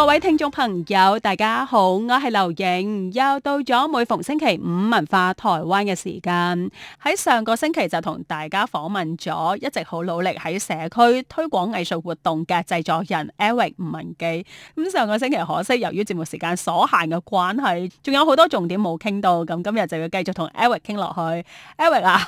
各位聽眾朋友，大家好，我係劉穎，又到咗每逢星期五文化台灣嘅時間。喺上個星期就同大家訪問咗一直好努力喺社區推廣藝術活動嘅製作人 Eric 吳文基。咁上個星期可惜由於節目時間所限嘅關係，仲有好多重點冇傾到。咁今日就要繼續同 Eric 傾落去。Eric 啊，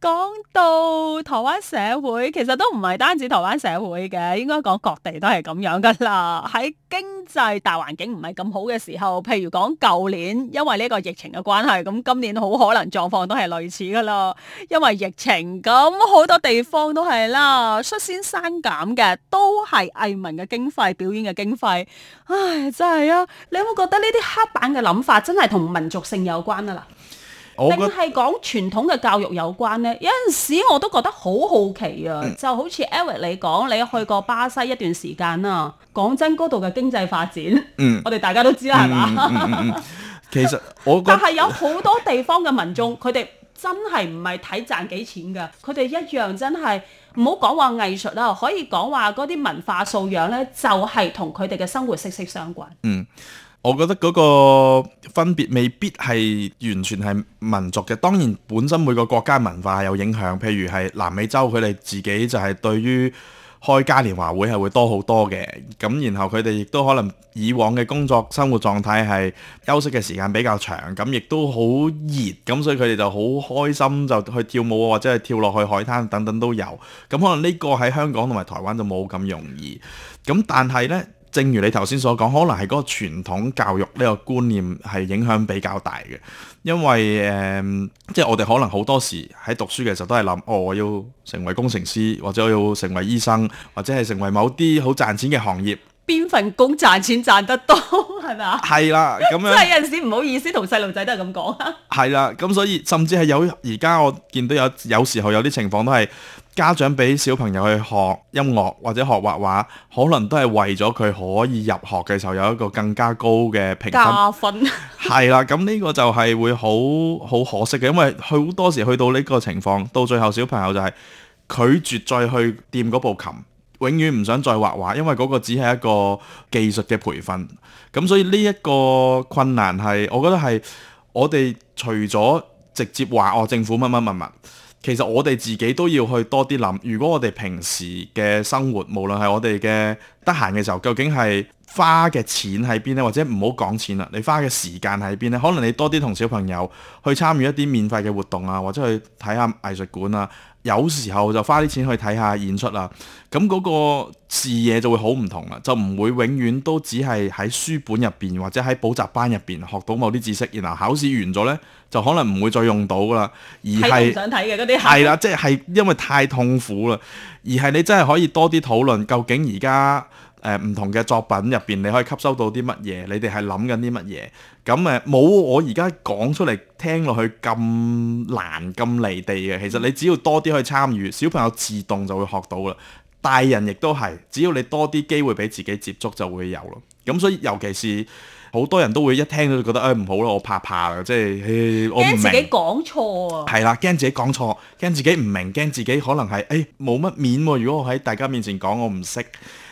講 到台灣社會，其實都唔係單止台灣社會嘅，應該講各地都係咁樣噶啦。喺經濟大環境唔係咁好嘅時候，譬如講舊年，因為呢個疫情嘅關係，咁今年好可能狀況都係類似噶啦。因為疫情，咁好多地方都係啦，率先刪減嘅都係藝文嘅經費，表演嘅經費。唉，真係啊！你有冇覺得呢啲黑板嘅諗法真係同民族性有關啊？嗱。定係講傳統嘅教育有關呢？有陣時我都覺得好好奇啊！嗯、就好似 Eric 你講，你去過巴西一段時間啊，講真嗰度嘅經濟發展，嗯，我哋大家都知啦，係嘛？其實我， 但係有好多地方嘅民眾，佢哋真係唔係睇賺幾錢㗎，佢哋一樣真係唔好講話藝術啦，可以講話嗰啲文化素養呢，就係同佢哋嘅生活息息相關。嗯。我覺得嗰個分別未必係完全係民族嘅，當然本身每個國家文化有影響。譬如係南美洲，佢哋自己就係對於開嘉年華會係會多好多嘅。咁然後佢哋亦都可能以往嘅工作生活狀態係休息嘅時間比較長，咁亦都好熱，咁所以佢哋就好開心就去跳舞或者係跳落去海灘等等都有。咁可能呢個喺香港同埋台灣就冇咁容易。咁但係呢。正如你頭先所講，可能係嗰個傳統教育呢個觀念係影響比較大嘅，因為誒、呃，即係我哋可能好多時喺讀書嘅時候都係諗，哦，我要成為工程師，或者我要成為醫生，或者係成為某啲好賺錢嘅行業。邊份工賺錢賺得多係咪 是啊？係啦，咁樣即係有陣時唔好意思同細路仔都係咁講啊。係啦，咁所以甚至係有而家我見到有有時候有啲情況，都係家長俾小朋友去學音樂或者學畫畫，可能都係為咗佢可以入學嘅時候有一個更加高嘅評分加分。係 啦、啊，咁呢個就係會好好可惜嘅，因為好多時去到呢個情況，到最後小朋友就係拒絕再去掂嗰部琴。永遠唔想再畫畫，因為嗰個只係一個技術嘅培訓。咁所以呢一個困難係，我覺得係我哋除咗直接話哦政府乜乜乜乜，其實我哋自己都要去多啲諗。如果我哋平時嘅生活，無論係我哋嘅得閒嘅時候，究竟係花嘅錢喺邊呢？或者唔好講錢啦，你花嘅時間喺邊呢？可能你多啲同小朋友去參與一啲免費嘅活動啊，或者去睇下藝術館啊。有時候就花啲錢去睇下演出啦，咁嗰個視野就會好唔同啦，就唔會永遠都只係喺書本入邊或者喺補習班入邊學到某啲知識，然後考試完咗呢，就可能唔會再用到噶啦，而係唔想睇嘅啲係啦，即係、就是、因為太痛苦啦，而係你真係可以多啲討論究竟而家。誒唔、呃、同嘅作品入邊，你可以吸收到啲乜嘢？你哋係諗緊啲乜嘢？咁、嗯、誒，冇我而家講出嚟聽落去咁難咁離地嘅。其實你只要多啲去參與，小朋友自動就會學到啦。大人亦都係，只要你多啲機會俾自己接觸，就會有咯。咁、嗯、所以，尤其是好多人都會一聽到就覺得誒唔、哎、好啦，我怕怕啦，即係、哎、我唔明。驚自己講錯啊！係啦，驚自己講錯，驚自己唔明，驚自己可能係誒冇乜面、啊。如果我喺大家面前講，我唔識。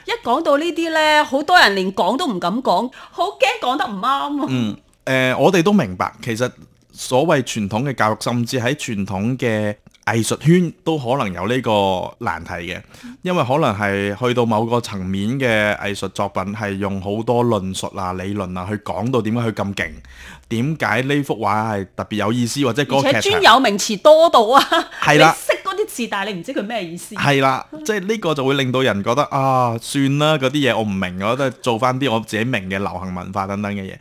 一講到呢啲呢，好多人連講都唔敢講，好驚講得唔啱啊！嗯，誒、呃，我哋都明白，其實所謂傳統嘅教育，甚至喺傳統嘅藝術圈都可能有呢個難題嘅，因為可能係去到某個層面嘅藝術作品，係用好多論述啊、理論啊去講到點解佢咁勁，點解呢幅畫係特別有意思，或者個而且專有名詞多到啊，係啦的。但係你唔知佢咩意思。係啦，即係呢個就會令到人覺得啊，算啦，嗰啲嘢我唔明，我都係做翻啲我自己明嘅流行文化等等嘅嘢。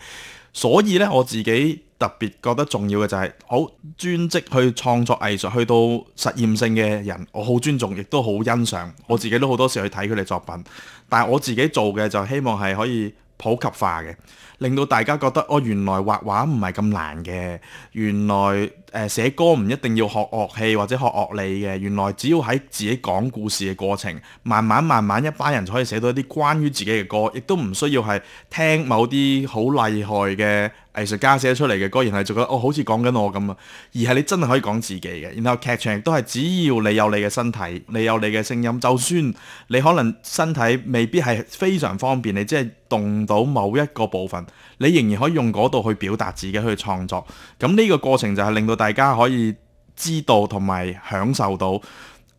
所以呢，我自己特別覺得重要嘅就係好專職去創作藝術，去到實驗性嘅人，我好尊重，亦都好欣賞。我自己都好多時去睇佢哋作品，但係我自己做嘅就希望係可以普及化嘅，令到大家覺得哦，原來畫畫唔係咁難嘅，原來。誒、呃、寫歌唔一定要學樂器或者學樂理嘅，原來只要喺自己講故事嘅過程，慢慢慢慢一班人就可以寫到一啲關於自己嘅歌，亦都唔需要係聽某啲好厲害嘅藝術家寫出嚟嘅歌，然後就覺得哦，好似講緊我咁啊，而係你真係可以講自己嘅。然後劇場亦都係只要你有你嘅身體，你有你嘅聲音，就算你可能身體未必係非常方便，你即係動到某一個部分，你仍然可以用嗰度去表達自己去創作。咁呢個過程就係令到大家可以知道同埋享受到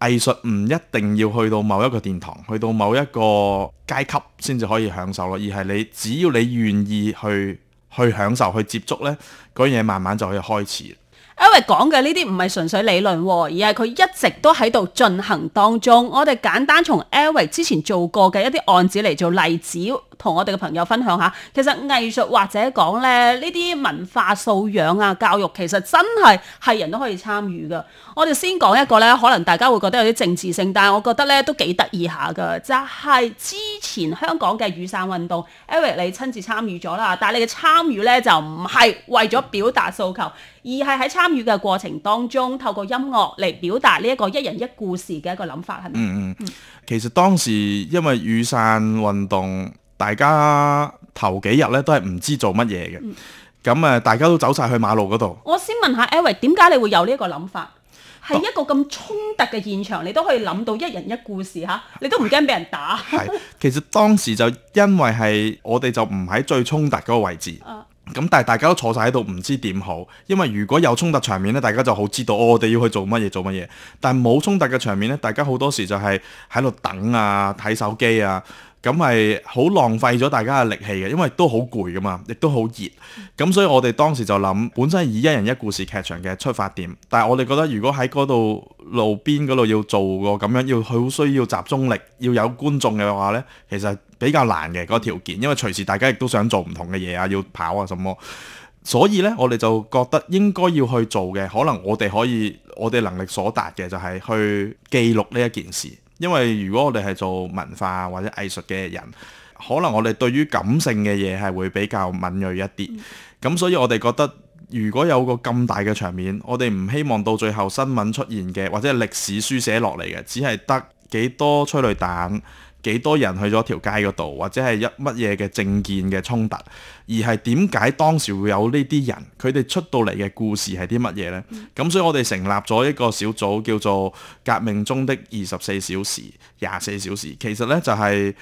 藝術，唔一定要去到某一個殿堂，去到某一個階級先至可以享受咯。而係你只要你願意去去享受去接觸咧，嗰樣嘢慢慢就可以開始。Eric 講嘅呢啲唔係純粹理論，而係佢一直都喺度進行當中。我哋簡單從 Eric 之前做過嘅一啲案子嚟做例子。同我哋嘅朋友分享下，其實藝術或者講呢呢啲文化素養啊、教育，其實真係係人都可以參與嘅。我哋先講一個呢，可能大家會覺得有啲政治性，但係我覺得呢都幾得意下噶，就係之前香港嘅雨傘運動，Eric 你親自參與咗啦，但係你嘅參與呢就唔係為咗表達訴求，而係喺參與嘅過程當中，透過音樂嚟表達呢一個一人一故事嘅一個諗法，係咪？嗯嗯，嗯，其實當時因為雨傘運動。大家頭幾日咧都係唔知做乜嘢嘅，咁誒、嗯，大家都走晒去馬路嗰度。我先問下 Eddie 點解你會有呢、呃、一個諗法？係一個咁衝突嘅現場，你都可以諗到一人一故事吓，你都唔驚俾人打。 係，其實當時就因為係我哋就唔喺最衝突嗰個位置，咁、啊、但係大家都坐晒喺度，唔知點好。因為如果有衝突場面咧，大家就好知道、哦、我哋要去做乜嘢做乜嘢。但係冇衝突嘅場面咧，大家好多時就係喺度等啊，睇手機啊。咁係好浪費咗大家嘅力氣嘅，因為都好攰㗎嘛，亦都好熱。咁所以我哋當時就諗，本身係以一人一故事劇場嘅出發點，但係我哋覺得如果喺嗰度路邊嗰度要做個咁樣，要好需要集中力，要有觀眾嘅話呢，其實比較難嘅嗰個條件，因為隨時大家亦都想做唔同嘅嘢啊，要跑啊什麼。所以呢，我哋就覺得應該要去做嘅，可能我哋可以，我哋能力所達嘅就係去記錄呢一件事。因為如果我哋係做文化或者藝術嘅人，可能我哋對於感性嘅嘢係會比較敏鋭一啲，咁、嗯、所以我哋覺得，如果有個咁大嘅場面，我哋唔希望到最後新聞出現嘅，或者係歷史書寫落嚟嘅，只係得幾多催淚彈。幾多人去咗條街嗰度，或者係一乜嘢嘅政見嘅衝突，而係點解當時會有呢啲人佢哋出到嚟嘅故事係啲乜嘢呢？咁、嗯、所以，我哋成立咗一個小組，叫做《革命中的二十四小時》、廿四小時。其實呢，就係、是、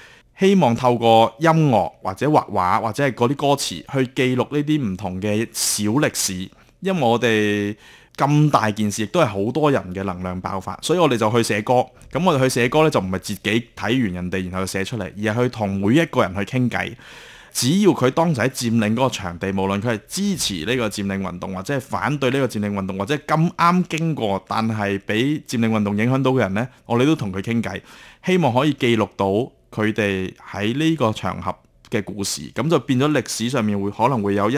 希望透過音樂或者畫畫或者係嗰啲歌詞去記錄呢啲唔同嘅小歷史，因為我哋。咁大件事亦都係好多人嘅能量爆發，所以我哋就去寫歌。咁我哋去寫歌咧，就唔係自己睇完人哋然後就寫出嚟，而係去同每一個人去傾偈。只要佢當時喺佔領嗰個場地，無論佢係支持呢個佔領運動或者係反對呢個佔領運動或者係咁啱經過，但係俾佔領運動影響到嘅人咧，我哋都同佢傾偈，希望可以記錄到佢哋喺呢個場合嘅故事。咁就變咗歷史上面會可能會有一。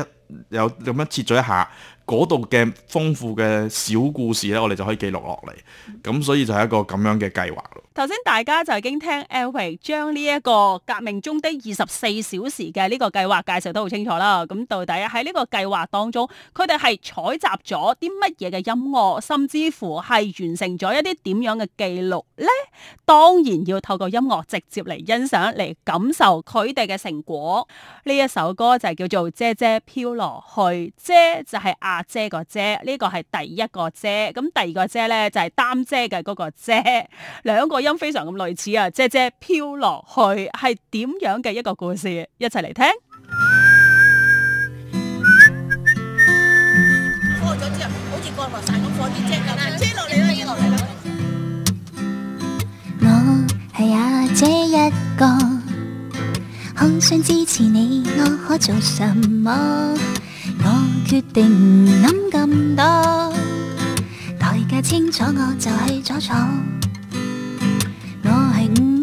有咁樣切咗一下，嗰度嘅豐富嘅小故事咧，我哋就可以記錄落嚟。咁所以就係一個咁樣嘅計劃。頭先大家就已經聽 Eric 將呢一個革命中的二十四小時嘅呢個計劃介紹得好清楚啦。咁到底喺呢個計劃當中，佢哋係採集咗啲乜嘢嘅音樂，甚至乎係完成咗一啲點樣嘅記錄呢？當然要透過音樂直接嚟欣賞，嚟感受佢哋嘅成果。呢一首歌就叫做《姐姐飄落去》，姐就係阿姐個姐，呢、呢個係第一個姐。咁第二個姐呢，就係擔姐嘅嗰個姐，兩個。音非常咁類似啊！姐姐，飄落去係點樣嘅一個故事？一齊嚟聽。 我係呀姐一個，好想支持你，我可做什麼？我決定唔諗咁多，代價清楚我就去咗闖。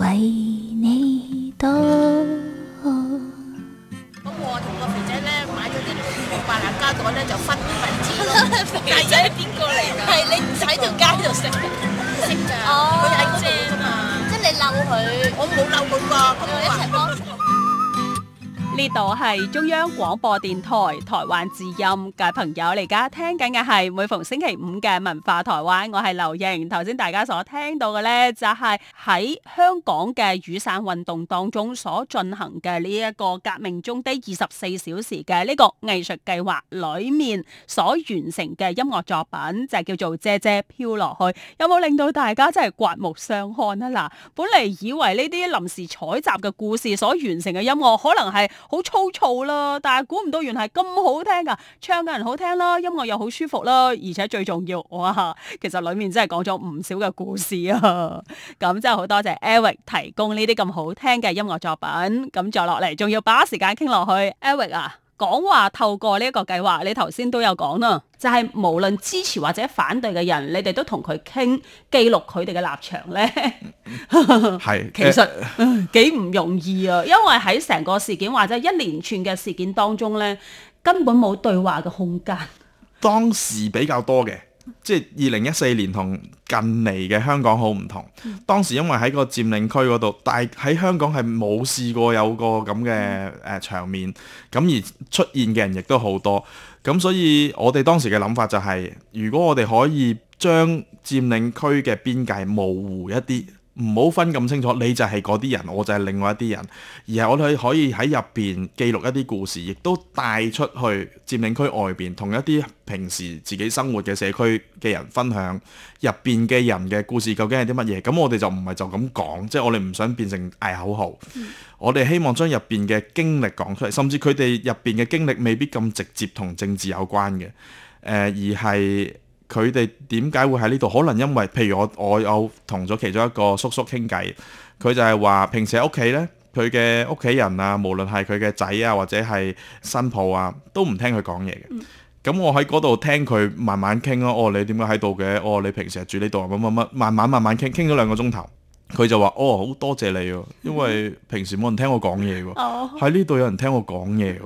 為你多。咁我同個肥仔咧買咗啲六百零膠袋咧，就分啲餸。係咯，肥仔邊個嚟㗎？係 你唔使喺條街度食食㗎。哦， 即係你嬲佢。 我冇嬲佢啊。 呢度係中央廣播電台台灣之音嘅朋友，你而家聽緊嘅係每逢星期五嘅文化台灣，我係劉瑩。頭先大家所聽到嘅咧，就係喺香港嘅雨傘運動當中所進行嘅呢一個革命中低二十四小時嘅呢個藝術計劃裏面所完成嘅音樂作品，就叫做《遮遮飄落去》，有冇令到大家真係刮目相看啊？嗱，本嚟以為呢啲臨時採集嘅故事所完成嘅音樂，可能係。好粗糙啦，但係估唔到原係咁好聽噶，唱嘅人好聽啦，音樂又好舒服啦，而且最重要，哇，其實裏面真係講咗唔少嘅故事啊！咁真係好多謝 Eric 提供呢啲咁好聽嘅音樂作品，咁再落嚟仲要把握時間傾落去，Eric 啊。講話透過呢個計劃，你頭先都有講啦，就係、是，、無論支持或者反對嘅人，你哋都同佢傾，記錄佢哋嘅立場呢？係 是， 其實、呃、幾唔容易啊，因為喺成個事件或者一連串嘅事件當中呢，根本冇對話嘅空間。當時比較多嘅。即係二零一四年同近嚟嘅香港好唔同，當時因為喺個佔領區嗰度，但係喺香港係冇試過有個咁嘅誒場面，咁而出現嘅人亦都好多，咁所以我哋當時嘅諗法就係，如果我哋可以將佔領區嘅邊界模糊一啲。唔好分咁清楚，你就係嗰啲人，我就係另外一啲人，而係我哋可以喺入邊記錄一啲故事，亦都帶出去佔領區外邊，同一啲平時自己生活嘅社區嘅人分享入邊嘅人嘅故事究竟係啲乜嘢。咁我哋就唔係就咁講，即係我哋唔想變成嗌口號。我哋希望將入邊嘅經歷講出嚟，甚至佢哋入邊嘅經歷未必咁直接同政治有關嘅，誒，而係。佢哋點解會喺呢度？可能因為，譬如我我有同咗其中一個叔叔傾偈，佢就係話平時喺屋企咧，佢嘅屋企人啊，無論係佢嘅仔啊，或者係新抱啊，都唔聽佢講嘢嘅。咁、嗯、我喺嗰度聽佢慢慢傾咯。哦，你點解喺度嘅？哦，你平時係住呢度乜乜乜。慢慢慢慢傾，傾咗兩個鐘頭。佢就話：哦，好多謝你喎，因為平時冇人聽我講嘢喎，喺呢度有人聽我講嘢喎。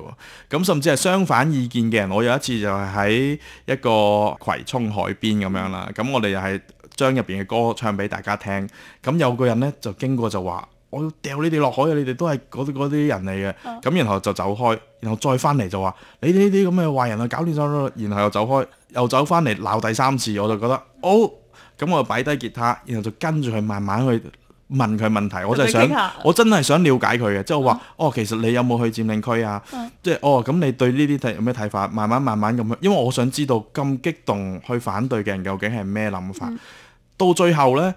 咁、哦、甚至係相反意見嘅人，我有一次就係喺一個葵涌海邊咁樣啦。咁我哋又係將入邊嘅歌唱俾大家聽。咁有個人呢，就經過就話：我要掉你哋落海啊！你哋都係嗰啲嗰啲人嚟嘅。咁、哦、然後就走開，然後再翻嚟就話：你哋呢啲咁嘅壞人啊，搞亂咗咯！然後又走開，又走翻嚟鬧第三次，我就覺得，哦。咁我擺低吉他，然後就跟住佢慢慢去問佢問題。我就係想， 我真係想了解佢嘅，即係話哦，其實你有冇去佔領區啊？即係、嗯就是、哦，咁你對呢啲睇有咩睇法？慢慢慢慢咁樣，因為我想知道咁激動去反對嘅人究竟係咩諗法。嗯、到最後呢。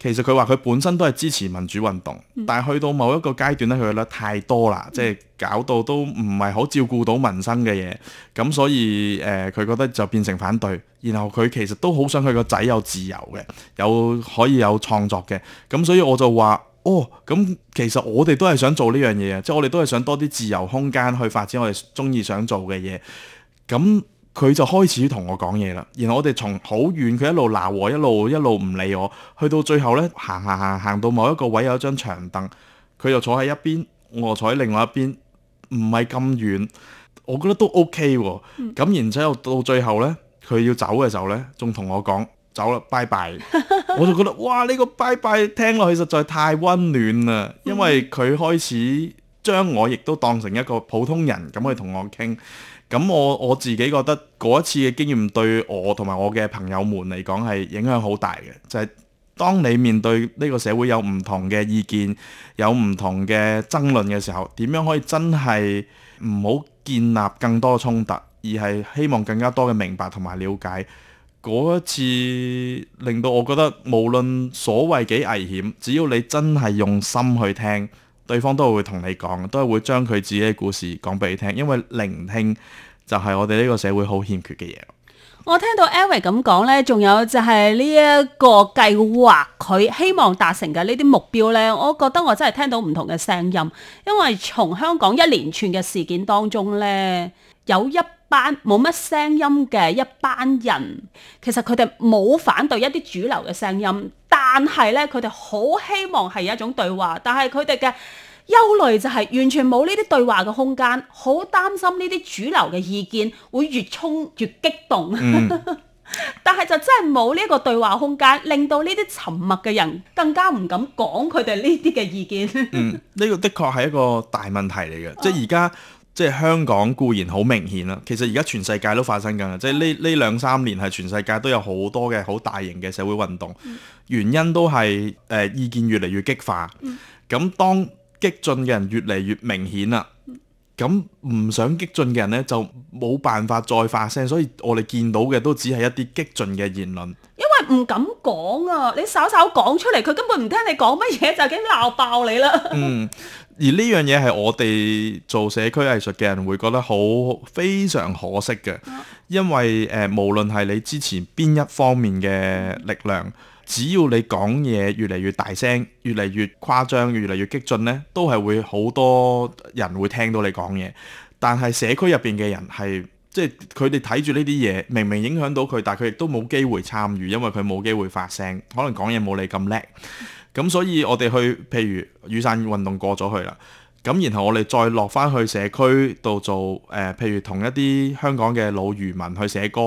其實佢話佢本身都係支持民主運動，但係去到某一個階段咧，佢覺得太多啦，即係搞到都唔係好照顧到民生嘅嘢，咁所以誒，佢、呃、覺得就變成反對。然後佢其實都好想佢個仔有自由嘅，有可以有創作嘅，咁所以我就話，哦，咁其實我哋都係想做呢樣嘢，即係我哋都係想多啲自由空間去發展我哋鍾意想做嘅嘢，咁。佢就開始同我講嘢啦，然後我哋從好遠，佢一路鬧我，一路一路唔理我，去到最後呢，行行行行到某一個位有一張長凳，佢就坐喺一邊，我坐喺另外一邊，唔係咁遠，我覺得都 OK 喎、哦。咁然之後到最後呢，佢要走嘅時候呢，仲同我講走啦，拜拜。 我就覺得哇，呢、這個拜拜聽落去實在太温暖啦，因為佢開始將我亦都當成一個普通人咁去同我傾。咁我我自己覺得嗰一次嘅經驗對我同埋我嘅朋友們嚟講係影響好大嘅，就係當你面對呢個社會有唔同嘅意見，有唔同嘅爭論嘅時候，點樣可以真係唔好建立更多衝突，而係希望更加多嘅明白同埋了解？嗰一次令到我覺得，無論所謂幾危險，只要你真係用心去聽，對方都係會同你講，都係會將佢自己嘅故事講俾你聽，因為聆聽。就係我哋呢個社會好欠缺嘅嘢。我聽到 Eric 咁講呢，仲有就係呢一個計劃，佢希望達成嘅呢啲目標呢，我覺得我真係聽到唔同嘅聲音。因為從香港一連串嘅事件當中呢，有一班冇乜聲音嘅一班人，其實佢哋冇反對一啲主流嘅聲音，但係呢，佢哋好希望係一種對話，但係佢哋嘅憂慮就係完全冇呢啲對話嘅空間，好擔心呢啲主流嘅意見會越衝越激動。嗯、 但係就真係冇呢個對話空間，令到呢啲沉默嘅人更加唔敢講佢哋呢啲嘅意見。呢、嗯呢個的確係一個大問題嚟嘅、哦，即係而家即係香港固然好明顯啦，其實而家全世界都發生緊啦。即係呢呢兩三年係全世界都有好多嘅好大型嘅社會運動，嗯、原因都係誒、呃、意見越嚟越激化。咁、嗯、當激進嘅人越嚟越明顯啦，咁唔想激進嘅人呢就冇辦法再發聲，所以我哋見到嘅都只係一啲激進嘅言論。因為唔敢講啊，你稍稍講出嚟，佢根本唔聽你講乜嘢，就已經鬧爆你啦。嗯，而呢樣嘢係我哋做社區藝術嘅人會覺得好非常可惜嘅，因為誒，無論係你之前邊一方面嘅力量。只要你講嘢越嚟越大聲，越嚟越誇張，越嚟越激進呢都係會好多人會聽到你講嘢。但係社區入邊嘅人係即係佢哋睇住呢啲嘢，明明影響到佢，但係佢亦都冇機會參與，因為佢冇機會發聲，可能講嘢冇你咁叻。咁 所以我哋去，譬如雨傘運動過咗去啦。咁然後我哋再落翻去社區度做誒、呃，譬如同一啲香港嘅老漁民去寫歌，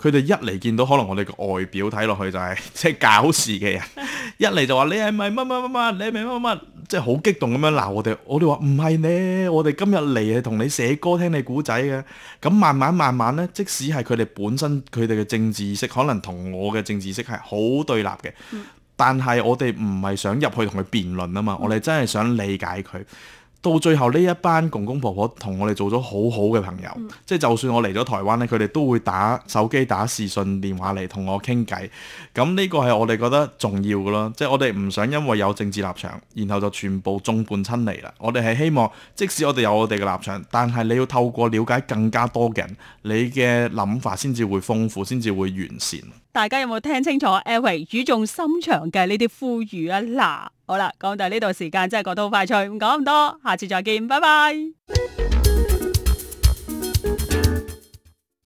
佢哋一嚟見到可能我哋嘅外表睇落去就係即係搞事嘅人， 一嚟就話你係咪乜乜乜乜？你係咪乜乜乜？即係好激動咁樣鬧我哋。我哋話唔係呢，我哋今日嚟係同你寫歌、聽你古仔嘅。咁慢慢慢慢呢，即使係佢哋本身佢哋嘅政治意識可能同我嘅政治意識係好對立嘅，但係我哋唔係想入去同佢辯論啊嘛。嗯、我哋真係想理解佢。到最後呢一班公公婆婆同我哋做咗好好嘅朋友，嗯、即係就算我嚟咗台灣咧，佢哋都會打手機打視訊電話嚟同我傾偈。咁呢個係我哋覺得重要嘅咯，即係我哋唔想因為有政治立場，然後就全部眾叛親離啦。我哋係希望，即使我哋有我哋嘅立場，但係你要透過了解更加多嘅人，你嘅諗法先至會豐富，先至會完善。大家有冇聽清楚 e l v i n 語重心長嘅呢啲呼籲啊！嗱，好啦，講到呢度時間真係過到快脆，唔講咁多，下次再見，拜拜。